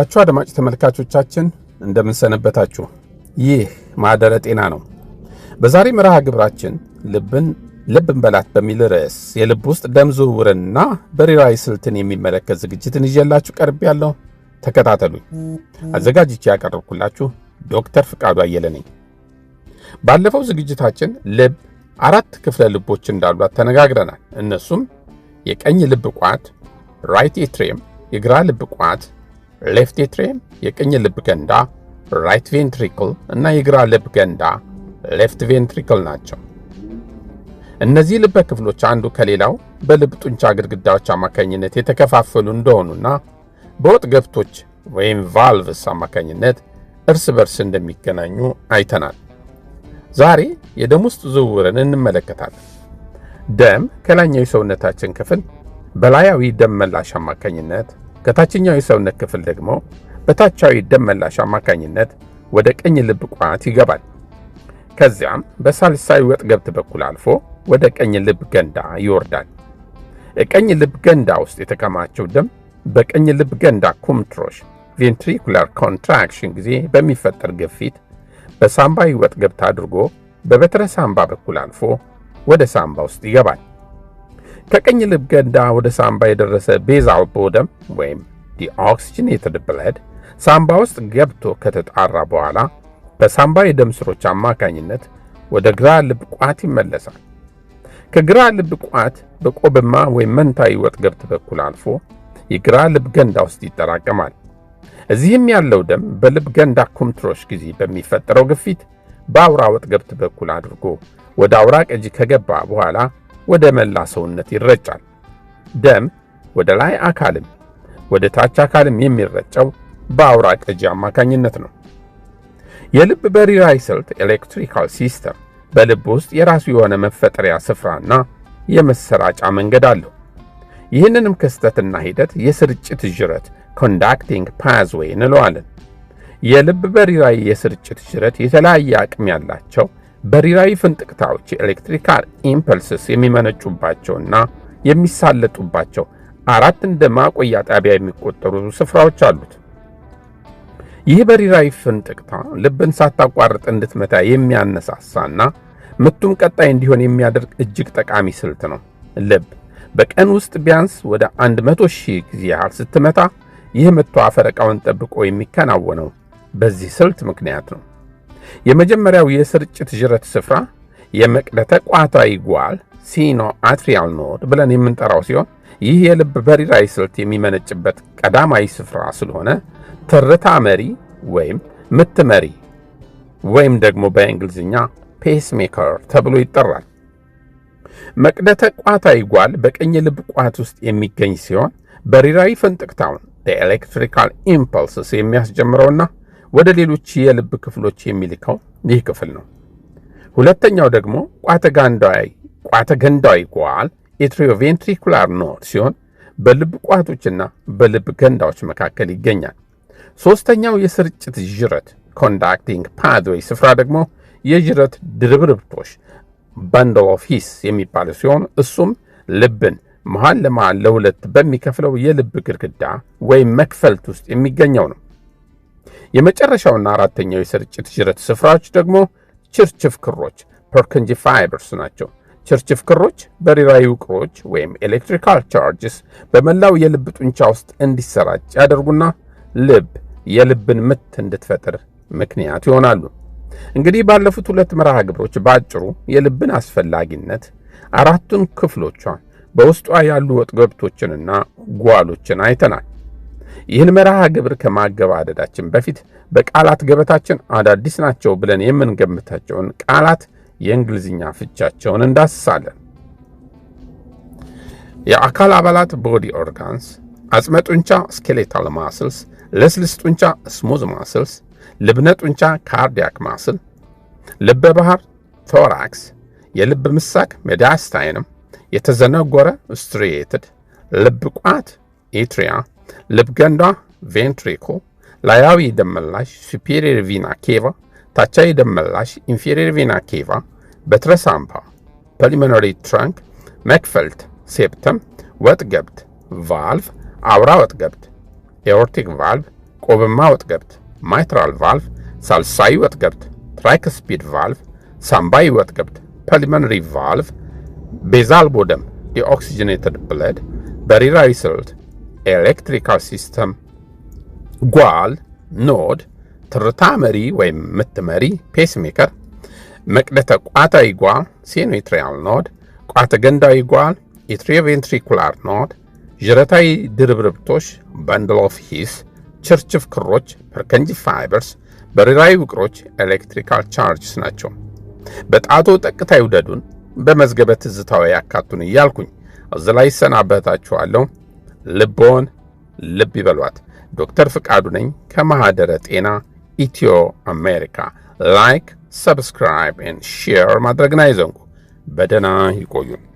አቹ አድማጭ ተመልካቾቻችን እንደምንሰነበታችሁ፣ ይህ ማህደረ ጤና ነው። በዛሬ መርሃ ግብራችን ልብን ልብን በላት በሚል ርዕስ የልብ ውስጥ ደም ዝውውርንና በሬራዊ ስልትን የሚመለከት ዝግጅትን ይዤላችሁ ቀርብ ያለው ተከታተሉኝ። አዘጋጅቼ ያቀረብኩላችሁ ዶክተር ፍቃዱ አየለ ነኝ። ባለፈው ዝግጅታችን ልብ አራት ክፍለ ልቦች እንዳሏት ተነጋግረናል። እነሱም የቀኝ ልብ ቋት ራይት ኤትሪየም፣ የግራ ልብ ቋት ሌፍት ኤትሪየም፣ የቀኝ ልብ ገንዳ ራይት ቬንትሪክል እና የግራ ልብ ገንዳ ሌፍት ቬንትሪክል ናቸው። እነዚህ ልብ ክፍሎች አንዱ ከሌላው በልብ ጡንቻ ግድግዳዎች አማካኝነት የተከፋፈሉ እንደሆኑና በወጥ ገብቶች ወይም ቫልቭስ አማካኝነት እርስ በርስ እንደሚገናኙ አይተናል። ዛሬ የደም ውስጥ ዝውውርን እንመለከታለን። ደም ከላይኛው የሰውነታችን ክፍል በላያዊ ደም መላሽ አማካኝነት ከታችኛው የሰውነት ክፍል ደግሞ በታቻዊ ደም መላሽ አማካኝነት ወደ ቀኝ ልብ ቋት ይገባል። ከዚያም በሳልሳዊ ወጥገብት በኩል አልፎ ወደ ቀኝ ልብ ገንዳ ይወርዳል። የቀኝ ልብ ገንዳ ውስጥ የተከማቸው ደም በቀኝ ልብ ገንዳ ኩምትሮሽ ቬንትሪኩላር ኮንትራክሽን ጊዜ በሚፈጠር ግፊት በሳምባ ይወጥ ገብት አድርጎ በበትረ ሳምባ በኩል አልፎ ወደ ሳምባ ውስጥ ይገባል። ከቀኝ ልብ ገንዳ ወደ ሳምባ የደረሰ ቤዛል ቦደም ወይም ኦክሲጅኔትድ ብለድ ሳምባ ውስጥ ገብቶ ከተጣራ በኋላ በሳምባ የደም ስሮች አማካኝነት ወደ ግራ ልብ ቋት ይመለሳል። ከግራ ልብ ቋት በቆብማ ወይም መንታዊ ወጥገብት ገብት በኩል አልፎ የግራ ልብ ገንዳ ውስጥ ይጠራቀማል። እዚህም ያለው ደም በልብ ገንዳ ኩምትሮሽ ጊዜ በሚፈጠረው ግፊት በአውራ ወጥ ገብት በኩል አድርጎ ወደ አውራ ቀጂ ከገባ በኋላ ወደ መላ ሰውነት ይረጫል። ደም ወደ ላይ አካልም ወደ ታች አካልም የሚረጨው በአውራ ቀጂ አማካኝነት ነው። የልብ በሪራይ ስልት ኤሌክትሪካል ሲስተም በልብ ውስጥ የራሱ የሆነ መፈጠሪያ ስፍራና የመሰራጫ መንገድ አለው። ይህንንም ክስተትና ሂደት የስርጭት ጅረት ኮንዳክቲንግ ፓዝዌይ እንለዋለን። የልብ በሪራይ የስርጭት ጅረት የተለያየ አቅም ያላቸው በሪራዊ ፍንጥቅታዎች የኤሌክትሪካል ኢምፐልስስ የሚመነጩባቸውና የሚሳለጡባቸው አራት እንደ ማቆያ ጣቢያ የሚቆጠሩ ስፍራዎች አሉት። ይህ በሪራዊ ፍንጥቅታ ልብን ሳታቋርጥ እንድትመታ የሚያነሳሳና ምቱም ቀጣይ እንዲሆን የሚያደርግ እጅግ ጠቃሚ ስልት ነው። ልብ በቀን ውስጥ ቢያንስ ወደ 100 ሺህ ጊዜ ያህል ስትመታ ይህ ምቱ ፈረቃውን ጠብቆ የሚከናወነው በዚህ ስልት ምክንያት ነው። የመጀመሪያው የስርጭት ጅረት ስፍራ የመቅደተ ቋታዊ ጓል ሲኖ አትሪያል ኖድ ብለን የምንጠራው ሲሆን ይህ የልብ በሪራይ ስልት የሚመነጭበት ቀዳማዊ ስፍራ ስለሆነ ትርታ መሪ ወይም ምት መሪ ወይም ደግሞ በእንግሊዝኛ ፔስሜከር ተብሎ ይጠራል። መቅደተ ቋታዊ ጓል በቀኝ ልብ ቋት ውስጥ የሚገኝ ሲሆን በሪራዊ ፈንጥቅታውን ኤሌክትሪካል ኢምፐልስስ የሚያስጀምረውና ወደ ሌሎች የልብ ክፍሎች የሚልከው ይህ ክፍል ነው። ሁለተኛው ደግሞ ቋተ ገንዳዊ ጓል ኤትሪዮቬንትሪኩላር ኖድ ሲሆን በልብ ቋቶችና በልብ ገንዳዎች መካከል ይገኛል። ሦስተኛው የስርጭት ዥረት ኮንዳክቲንግ ፓድዌይ ስፍራ ደግሞ የዥረት ድርብርብቶች ባንድል ኦፍ ሂስ ሲሆን እሱም ልብን መሃል ለመሃል ለሁለት በሚከፍለው የልብ ግድግዳ ወይም መክፈልት ውስጥ የሚገኘው ነው። የመጨረሻውና አራተኛው የስርጭት ጅረት ስፍራዎች ደግሞ ችርችፍ ክሮች ፐርከንጂ ፋይበርስ ናቸው። ችርችፍ ክሮች በሪራዊ ውቅሮች ወይም ኤሌክትሪካል ቻርጅስ በመላው የልብ ጡንቻ ውስጥ እንዲሰራጭ ያደርጉና ልብ የልብን ምት እንድትፈጥር ምክንያት ይሆናሉ። እንግዲህ ባለፉት ሁለት መርሃ ግብሮች በአጭሩ የልብን አስፈላጊነት፣ አራቱን ክፍሎቿን፣ በውስጧ ያሉ ወጥገብቶችንና ጓሎችን አይተናል። ይህን መርሃ ግብር ከማገባደዳችን በፊት በቃላት ገበታችን አዳዲስ ናቸው ብለን የምንገምታቸውን ቃላት የእንግሊዝኛ ፍቻቸውን እንዳስሳለን። የአካል አባላት ቦዲ ኦርጋንስ፣ አጽመ ጡንቻ ስኬሌታል ማስልስ፣ ለስልስ ጡንቻ ስሙዝ ማስልስ፣ ልብነ ጡንቻ ካርዲያክ ማስል፣ ልበ ባህር ቶራክስ፣ የልብ ምሳክ ሜዳስታይንም፣ የተዘነጎረ ስትሪየትድ፣ ልብ ቋት ኢትሪያ ልብገንዳ ቬንትሪኮ፣ ላያዊ ደም መላሽ ሱፔሪየር ቪና ኬቫ፣ ታቻዊ ደም መላሽ ኢንፌሪየር ቪና ኬቫ፣ በትረ ሳምባ ፐሊመኖሪ ትራንክ፣ መክፈልት ሴፕተም፣ ወጥገብት ቫልቭ፣ አውራ ወጥገብት፣ ኤኦርቲክ ቫልቭ፣ ቆብማ ወጥገብት፣ ማይትራል ቫልቭ፣ ሳልሳዊ ወጥገብት፣ ትራይክ ስፒድ ቫልቭ፣ ሳምባዊ ወጥገብት፣ ፐሊመኖሪ ቫልቭ፣ ቤዛል ቦደም ዲኦክሲጅኔትድ ብለድ፣ በሪራዊ ስልት ኤሌክትሪካል ሲስተም ጓል፣ ኖድ፣ ትርታ መሪ ወይም ምት መሪ ፔስሜከር፣ መቅደተ ቋታዊ ጓል ሴኖትሪያል ኖድ፣ ቋተ ገንዳዊ ጓል ኢትሪዮቬንትሪኩላር ኖድ፣ ዥረታዊ ድርብርብቶች ባንድል ኦፍ ሂስ፣ ችርችፍ ክሮች ፐርከንጅ ፋይበርስ፣ በሪራዊ ውቅሮች ኤሌክትሪካል ቻርጅስ ናቸው። በጣቶ ጠቅታ ይውደዱን በመዝገበ ትዝታዊ ያካቱን እያልኩኝ እዚህ ላይ ይሰናበታችኋለሁ። ልቦን ልብ ይበሏት። ዶክተር ፍቃዱ ነኝ ከማኅደረ ጤና ኢትዮ አሜሪካ። ላይክ፣ ሰብስክራይብ ኤንድ ሼር ማድረግን አይዘንጉ። በደህና ይቆዩን።